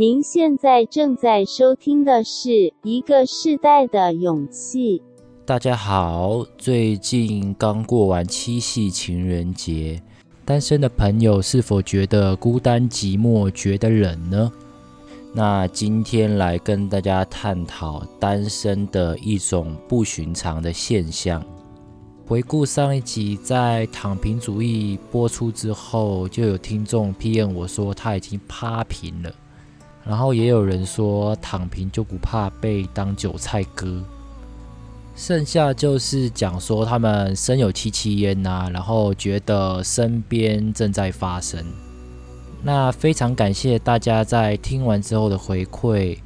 您現在正在收聽的是《一個世代的勇氣》。大家好，最近剛過完七夕情人節，單身的朋友是否覺得孤單寂寞、覺得冷呢？那今天來跟大家探討單身的一種不尋常的現象。回顧上一集，在躺平主義播出之後，就有聽眾 PM 我說他已經趴平了。然後也有人說，躺平就不怕被當韭菜割，剩下就是講說他們身有戚戚焉吶，然後覺得身邊正在發生。那非常感謝大家在聽完之後的回饋，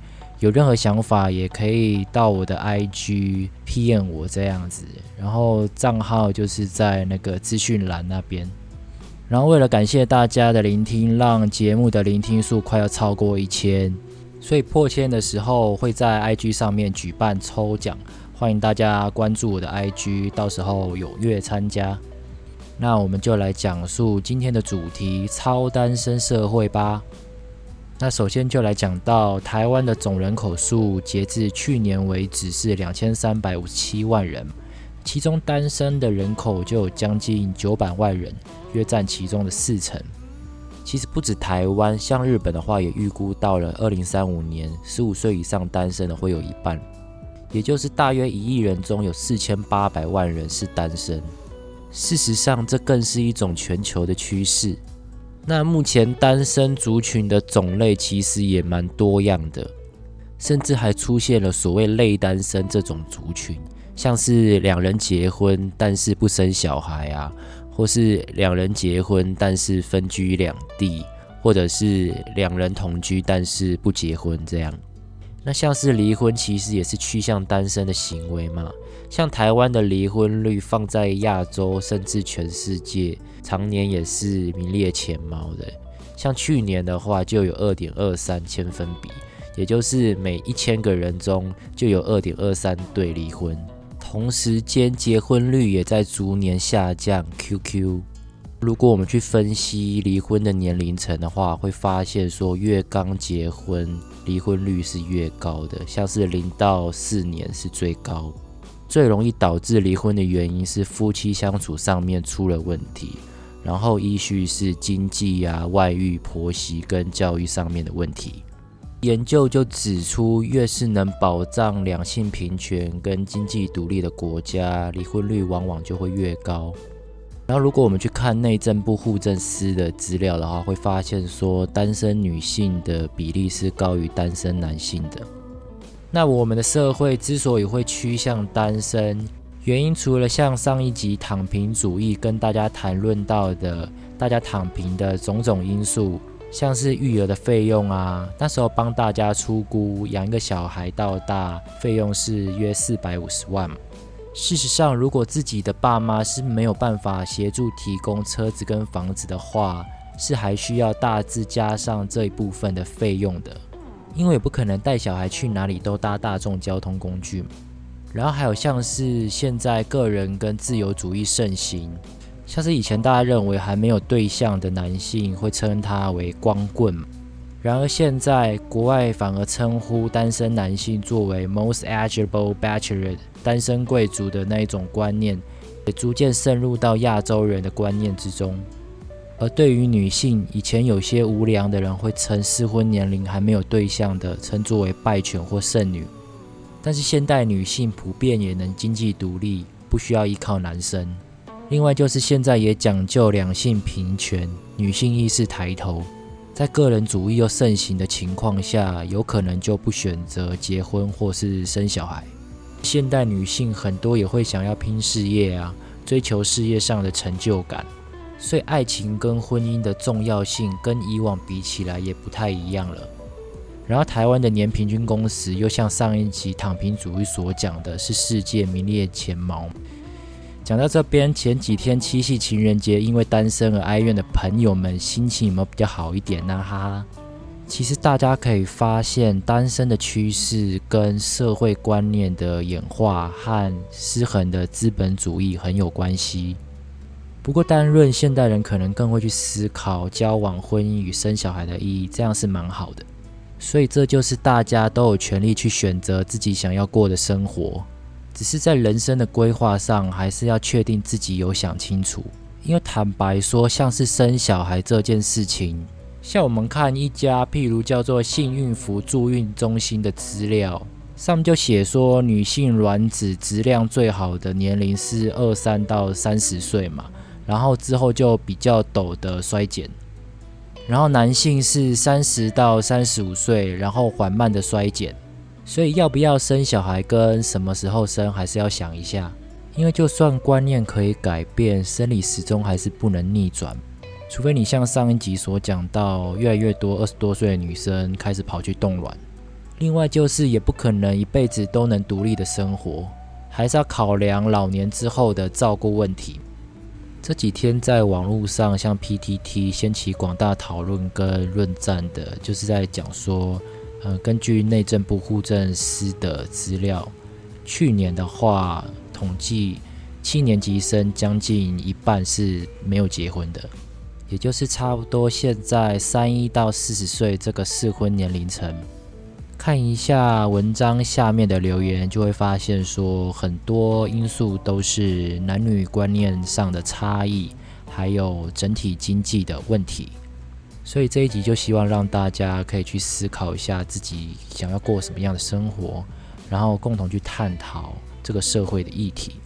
有任何想法也可以到我的 IG PN 我這樣子，然後賬號就是在那個資訊欄那邊。然後為了感謝大家的聆聽，讓節目的聆聽數快要超過一千，所以破千的時候會在 IG 上面舉辦抽獎，歡迎大家關注我的 IG，到時候踴躍參加。那我們就來講述今天的主題——超單身社會吧。那首先就來講到台灣的總人口數，截至去年為止是兩千三百五十七萬人。其中單身的人口就有將近九百萬人，約占其中的四成。其實不止台灣，像日本的話，也預估到了二零三五年，十五歲以上單身的會有一半，也就是大約一億人中有四千八百萬人是單身。事實上，這更是一種全球的趨勢。那目前單身族群的種類其實也蠻多樣的，甚至還出現了所謂“類單身”這種族群。像是兩人結婚，但是不生小孩啊，或是兩人結婚，但是分居兩地，或者是兩人同居但是不結婚這樣。那像是離婚，其實也是趨向單身的行為嘛。像台灣的離婚率放在亞洲甚至全世界，常年也是名列前茅的。像去年的話，就有二點二三千分比，也就是每一千個人中就有二點二三對離婚。同時間，結婚率也在逐年下降。QQ，如果我們去分析離婚的年齡層的話，會發現說，越剛結婚，離婚率是越高的。像是零到四年是最高，最容易導致離婚的原因是夫妻相處上面出了問題，然後依序是經濟呀、啊、外遇、婆媳跟教育上面的問題。研究就指出，越是能保障兩性平權跟經濟獨立的國家，離婚率往往就會越高。然後，如果我們去看內政部戶政司的資料的話，會發現說，單身女性的比例是高於單身男性的。那我們的社會之所以會趨向單身，原因除了像上一集躺平主義跟大家談論到的，大家躺平的種種因素。像是育兒的費用啊，那時候幫大家初估養一個小孩到大，費用是約四百五十萬。事實上，如果自己的爸媽是沒有辦法協助提供車子跟房子的話，是還需要大致加上這一部分的費用的，因為也不可能帶小孩去哪裡都搭大眾交通工具嘛。然後還有像是現在個人跟自由主義盛行。像是以前大家認為還沒有對象的男性會稱他為光棍，然而現在國外反而稱呼單身男性作為 most eligible bachelor 單身貴族的那一種觀念，也逐漸滲入到亞洲人的觀念之中。而對於女性，以前有些無良的人會稱適婚年齡還沒有對象的稱作為敗犬或剩女，但是現代女性普遍也能經濟獨立，不需要依靠男生。另外就是現在也講究兩性平權，女性意識抬頭，在個人主義又盛行的情況下，有可能就不選擇結婚或是生小孩。現代女性很多也會想要拼事業啊，追求事業上的成就感，所以愛情跟婚姻的重要性跟以往比起來也不太一樣了。然後台灣的年平均工時又像上一集躺平主義所講的，是世界名列前茅。講到這邊，前幾天七夕情人節，因為單身而哀怨的朋友們，心情有沒有比較好一點呢、啊？哈哈，其實大家可以發現，單身的趨勢跟社會觀念的演化和失衡的資本主義很有關係。不過，單論現代人，可能更會去思考交往、婚姻與生小孩的意義，這樣是蠻好的。所以，這就是大家都有權利去選擇自己想要過的生活。只是在人生的規劃上，還是要確定自己有想清楚。因為坦白說，像是生小孩這件事情，像我們看一家譬如叫做“幸運福助孕中心”的資料上面就寫說女性卵子質量最好的年齡是二三到三十歲嘛，然後之後就比較陡的衰減，然後男性是三十到三十五歲，然後緩慢的衰減。所以要不要生小孩，跟什麼時候生，還是要想一下。因為就算觀念可以改變，生理時鐘還是不能逆轉，除非你像上一集所講到，越來越多二十多歲的女生開始跑去凍卵。另外就是，也不可能一輩子都能獨立的生活，還是要考量老年之後的照顧問題。這幾天在網絡上，像 PTT 掀起廣大討論跟論戰的，就是在講說。嗯、呃，根據內政部戶政司的資料，去年的話，統計七年級生將近一半是沒有結婚的，也就是差不多現在三十一到四十歲這個適婚年齡層。看一下文章下面的留言，就會發現說很多因素都是男女觀念上的差異，還有整體經濟的問題。所以這一集就希望讓大家可以去思考一下自己想要過什麼樣的生活，然後共同去探討這個社會的議題。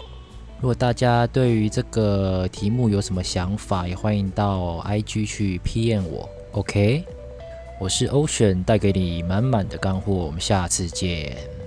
如果大家對於這個題目有什麼想法，也歡迎到 IG 去 PM 我。OK，我是 Ocean，帶給你滿滿的乾貨。我們下次見。